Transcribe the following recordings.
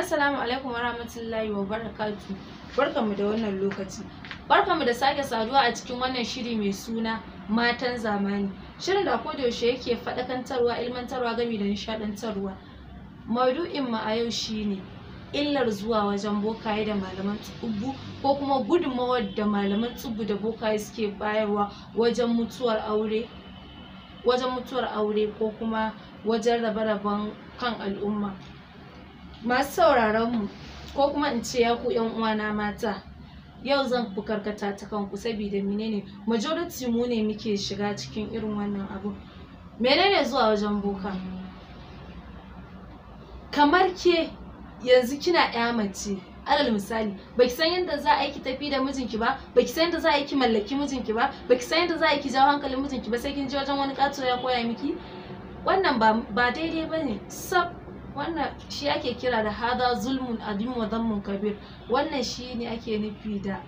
Assalamu alaikum warahmatullahi wabarakatuh. Barkanmu da wannan lokaci. Barkanmu da sake saduwa a cikin wannan shiri mai suna Matan Zamani. Shirin da ko yaushe yake faɗakantarwa, ilmantarwa gami da nishaɗantarwa. Maudu'in mu a yau shine illar zuwa wajen bokaye da malaman tsubbu ko kuma gudunmawar da malaman tsubbu da bokaye suke bayarwa wajen mutuwar aure wajen mutuwar aure ko kuma wajen rabe-raben kan al'umma. masu sauraron mu ko kuma in ce ya ku yan uwana mata yau zan ku karkata ta kanku saboda menene majority mu ne muke shiga cikin irin wannan abu menene zuwa wajen boka kamar ke yanzu kina ya mace alal misali baki san yadda za a yi tafi da mijinki ba baki san yadda za a yi mallaki mijinki ba baki san yadda za a yi jawo hankalin mijinki ba sai kin je wajen wani kato ya koya miki wannan ba daidai ne sab wannan shi ake kira da hada zulmun adim wa kabir wannan shi ne ake nufi da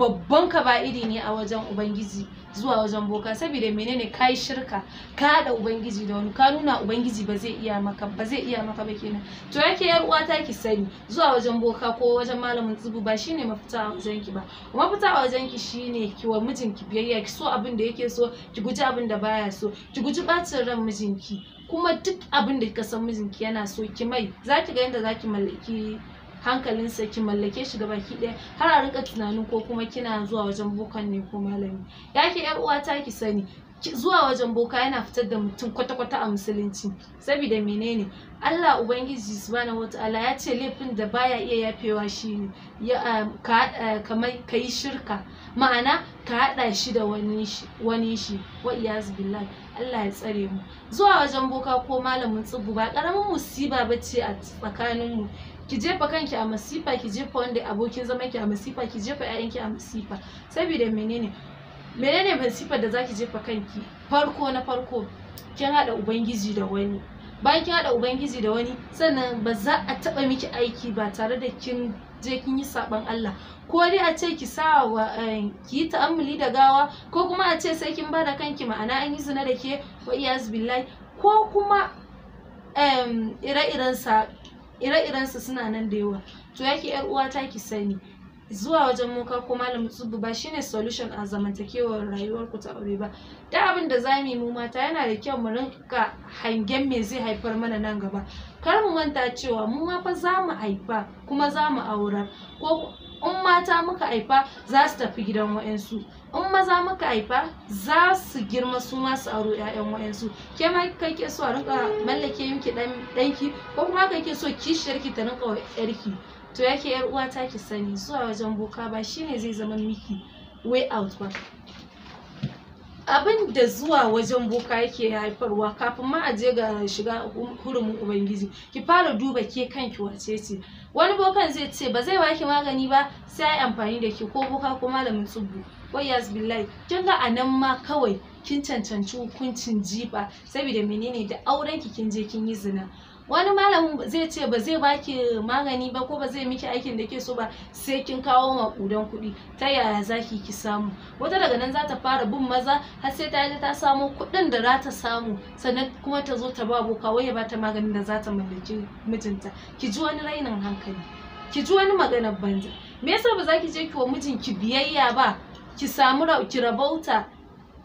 babban iri ne a wajen ubangiji zuwa wajen boka saboda menene kai shirka ka haɗa ubangiji da wani ka nuna ubangiji ba zai iya maka ba zai iya maka ba kenan to yake yar uwata ki sani zuwa wajen boka ko wajen malamin tsubu ba shine mafita a wajen ki ba mafita a wajen ki shine ki wa mijinki biyayya ki so abin da yake so ki guji abin da baya so ki guji bacin ran mijinki kuma duk abin da kika san mijinki yana so ki mai zaki ga yadda zaki mallaki hankalinsa ki mallake shi ki ɗaya har a rika tunanin ko kuma kina zuwa wajen bokan ne ko malami ya ke yar uwata ki sani zuwa wajen boka yana fitar da mutum kwata-kwata a musulunci saboda menene Allah Ubangiji subhanahu wataala ya ce laifin da baya iya yafewa shi ya ka kai shirka ma'ana ka haɗa shi da wani shi wani shi wa iyaz billah Allah ya tsare mu zuwa wajen boka ko malamin tsubu ba karamin musiba ce a tsakanin mu ki jefa kanki a masifa ki jefa wanda abokin zaman ki a masifa ki jefa ƴaƴanki a masifa saboda menene menene masifar da zaki jefa kanki farko na farko kin haɗa ubangiji da wani bayan kin haɗa ubangiji da wani sannan ba za a taba miki aiki ba tare da kin je kin yi saɓan Allah ko dai a ce ki sa wa eh, ki yi ta'ammuli da gawa ko kuma a ce sai kin ba da kanki ma'ana an yi zina da ke wa iyaz billahi ko kuma ire eh, iren sa. ire iren su suna nan da yawa to yake yar uwata ki sani zuwa wajen moka ko malam tsubu ba shine solution a zamantakewar rayuwar ku ta aure ba da abin da za mu mu mata yana da kyau mu rinka hangen me zai haifar mana nan gaba kar mu manta cewa mu ma fa za mu haifa kuma za mu aurar ko in mata muka haifa za su tafi gidan wa'yansu in maza muka haifa za su girma su ma su aro ƴaƴan wa'yansu ke ma ke so a rinka mallake miki ɗanki ko kuma ke so kishiyarki ta rinka wa to yake ƴar uwa ta ki sani zuwa wajen boka ba shine zai zama miki way out ba abin da zuwa wajen boka yake haifarwa kafin ma a je ga shiga hurumin ubangiji ki fara duba ke kanki wace ce wani bokan zai ce ba zai baki magani ba sai ai amfani da ki ko boka ko malamin tsubbu yas billahi kin ga anan ma kawai kin cancanci hukuncin jifa saboda menene da auren ki kin je kin yi zina wani malamin zai ce ba zai baki magani ba ko ba zai miki aikin da ke so ba sai kin kawo kudan kuɗi ta yaya zaki ki samu wata daga nan za ta fara bin maza har sai ta ta samo kuɗin da za ta samu sannan kuma ta zo ta ba boka wai ya bata maganin da za ta mallaki mijinta ki ji wani rainin hankali ki ji wani maganar banza me yasa ba za ki je ki wa ki biyayya ba ki samu ki rabauta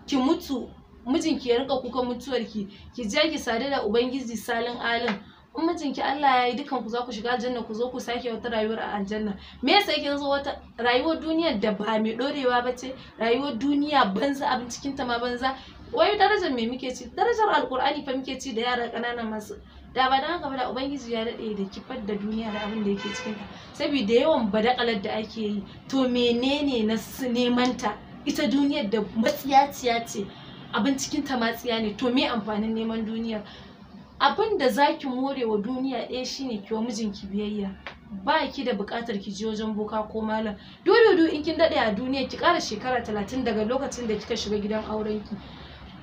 ki mutu mijinki ya rika kuka mutuwarki ki je ki sadu da ubangiji salin alin in mijinki Allah ya yi dukan ku za ku shiga aljanna ku zo ku sake wata rayuwar a aljanna me yasa yake zo wata rayuwar duniya da ba mai dorewa ba ce rayuwar duniya banza abin cikin ta ma banza wai darajar me muke ci darajar alkur'ani fa muke ci da yara kanana masu da ba dan haka ba da ubangiji ya dade da kifar da duniya da abin da yake cikin ta saboda yawan badakalar da ake yi to menene na neman ta ita duniyar da matsiyaciya ce abin cikin ta matsiya ne to me amfanin neman duniyar abin da zaki ki more wa duniya ɗaya shine ki mijinki biyayya ba ki da buƙatar ki je wajen boka ko malam dole in kin daɗe a duniya ki ƙara shekara talatin daga lokacin da kika shiga gidan aurenki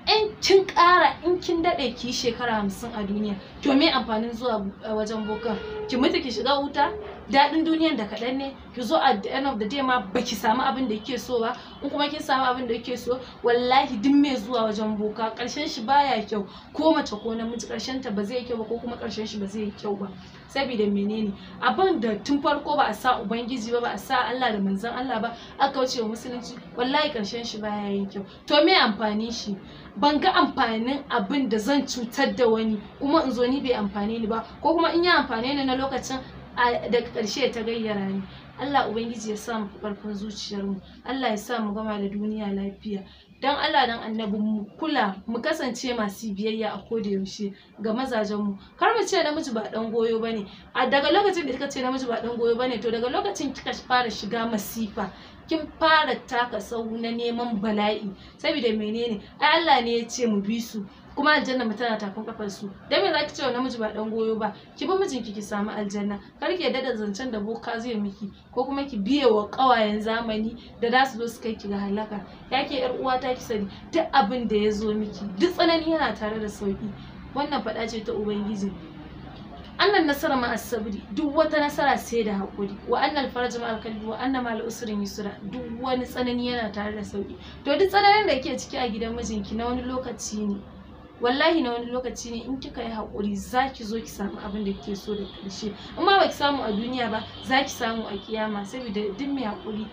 in kin ƙara in kin daɗe ki shekara hamsin a duniya to me amfanin zuwa eh, wajen bokan ki mutu ki shiga wuta daɗin duniyan da kaɗan ne ki zo a the end of the day ma ba ki samu abin da kike so ba in kuma kin samu abin da kike so wallahi duk me zuwa wajen boka ƙarshen shi baya kyau ko mace ko namiji ƙarshen ta ba zai kyau ba ko kuma ƙarshen shi ba zai kyau ba saboda menene abin da tun farko ba a sa ubangiji ba ba a sa Allah da manzon Allah ba aka wuce musulunci wallahi ƙarshen shi baya yin kyau to me amfanin shi ban ga amfanin abin da zan cutar da wani kuma in zo ni bai amfane ni ba ko kuma in yi amfani ni na lokacin da ƙarshe ta gayyara ni Allah ubangiji ya sa mu ƙarfin zuciyar mu Allah ya sa mu gama da duniya lafiya dan Allah dan annabi mu kula mu kasance masu biyayya a koda yaushe ga mazajen mu kar mu ce namiji ba dan goyo bane a daga lokacin da kika ce namiji ba dan goyo bane to daga lokacin kika fara shiga masifa kin fara taka sau na neman bala'i saboda menene ai Allah ne ya ce mu bi su kuma aljanna mu tana tafin kafar su dan me zaki ce wa namiji ba dan goyo ba ki bi mijinki ki samu aljanna kar ki yarda da zancen da boka zai miki ko kuma ki biye wa kawayen zamani da za su zo su kai ki ga halaka yake yar uwa ta ki sani duk abin da ya zo miki duk tsanani yana tare da sauki wannan faɗa ce ta ubangiji annan nasara ma asabri duk wata nasara sai da hakuri wa annal faraj ma alkalbi wa annama mal usrin yusra duk wani tsanani yana tare da sauki to duk tsananin da kike ciki a gidan mijinki na wani lokaci ne wallahi na wani lokaci ne in kika yi hakuri zaki zo ki samu abin da kike so da karshe in ma baki samu a duniya ba zaki samu a kiyama saboda duk mai hakuri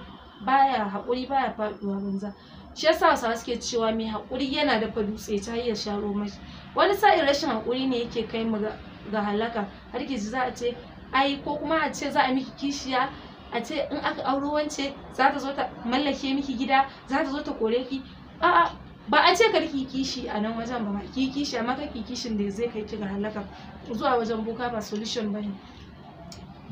baya hakuri baya faɗuwa banza shi yasa wasa suke cewa mai hakuri yana da dafa dutse ta hanyar sharo mashi wani sa'in rashin hakuri ne yake kai mu ga ga halaka har ki za a ce ai ko kuma a ce za a miki kishiya a ce in aka auro wance za ta zo ta mallake miki gida za ta zo ta kore ki a'a ba a ce riki kishi a nan wajen ba ki kishi amma ki kishin da zai kai ki ga halaka zuwa wajen boka ba solution bane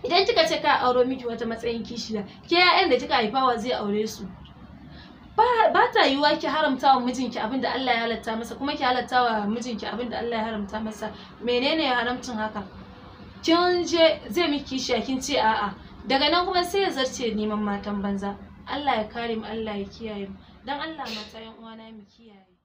idan kika ce ka auro miki wata matsayin kishiya ke 'ya'yan da kika haifawa zai aure su ba ta yiwuwa ki haramta wa mijinki abin da Allah ya halatta masa kuma ki halatta wa mijinki abin da Allah ya haramta masa menene haramcin haka kin je zai miki kishiya kin ce a'a daga nan kuma sai ya zarce neman matan banza Allah ya kare mu Allah ya kiyaye mu dan Allah mata yan uwana mu kiyaye